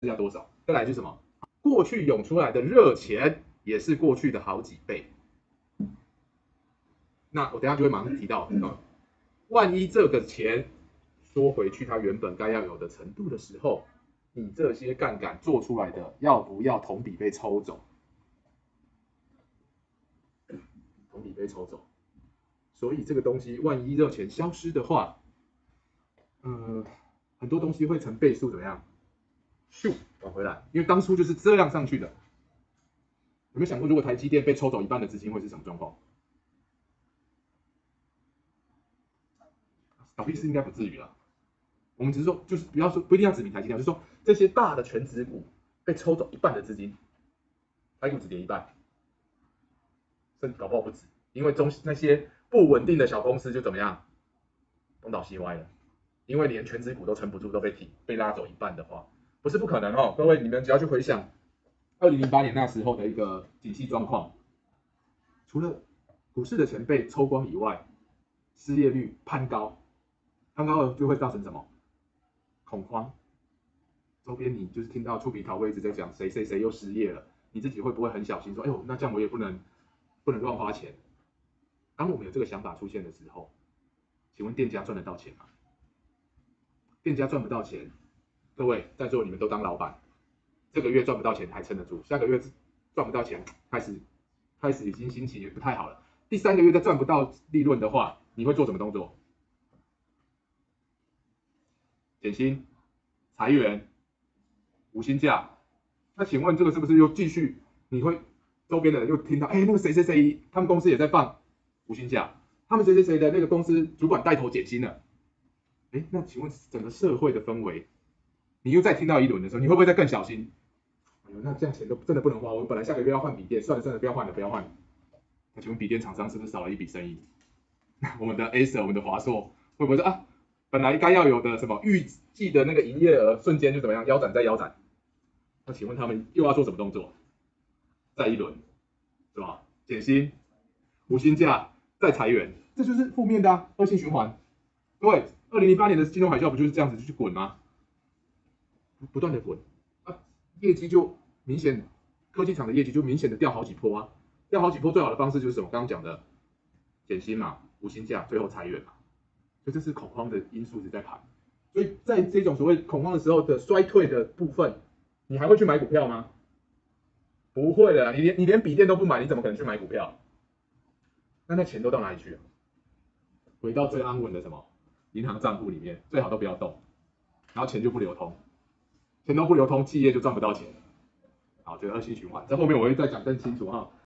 增加多少？再來就是什麼？過去湧出來的熱錢，也是過去的好幾倍。那我等下就會馬上提到，萬一這個錢縮回去，它原本該要有的程度的時候，你這些槓桿做出來的，要不要同比被抽走？同比被抽走。所以這個東西，萬一熱錢消失的話，呃，很多東西會成倍數怎麼樣？咻，往回來，因為當初就是這樣上去的。有沒有想過，如果台積電被抽走一半的資金，會是什麼狀況？倒閉是應該不至於了。我們只是說，就是不要說，不一定要指明台積電，就是說這些大的權值股被抽走一半的資金，台股只跌一半，甚至搞不好不止。因為中那些不穩定的小公司就怎麼樣，東倒西歪了。因為連權值股都撐不住，都被提被拉走一半的話。不是不可能哦，各位，你們只要去回想二零零八年那時候的一個景氣狀況，除了股市的錢被抽光以外，失業率攀高，攀高了就會造成什麼恐慌？周邊你就是聽到厝邊頭尾一直在講誰誰誰又失業了，你自己會不會很小心說，哎呦，那這樣我也不能不能亂花錢？當我們有這個想法出現的時候，請問店家賺得到錢嗎？店家賺不到錢。各位在座，你們都當老闆，這個月賺不到錢還撐得住，下個月賺不到錢開始開始已經心情也不太好了，第三個月再賺不到利潤的話，你會做什麼動作？減薪、裁員、無薪假？那請問這個是不是又繼續？你會周邊的人又聽到，哎，那個誰誰誰，他們公司也在放無薪假，他們誰誰誰的那個公司主管帶頭減薪了，哎，那請問整個社會的氛圍？你又再聽到一輪的時候，你會不會再更小心？哎呦，那這樣錢都真的不能花，我本來下個月要換筆電，算了算了，不要換了，不要換了。那請問筆電廠商是不是少了一筆生意？我們的 Acer 我們的華碩會不會說啊，本來該要有的什麼預計的那個營業額瞬間就怎麼樣腰斬再腰斬？那請問他們又要做什麼動作？再一輪，是吧？減薪、無薪假、再裁員，這就是負面的啊，惡性循環。各位，二零零八年的金融海嘯不就是這樣子去滾嗎？不斷的滾，啊，業績就明顯，科技廠的業績就明顯的掉好幾波啊，掉好幾波，最好的方式就是什麼？剛剛講的減薪嘛，無薪假，最後裁員嘛，所以這是恐慌的因素一直在盤，所以在這種所謂恐慌的時候的衰退的部分，你還會去買股票嗎？不會的，你連你連筆電都不買，你怎麼可能去買股票？那那錢都到哪裡去啊？回到最安穩的什麼銀對行賬戶裡面，最好都不要動，然後錢就不流通。錢都不流通，企業就賺不到錢，好，這個惡性循環，在後面我會再講更清楚哈。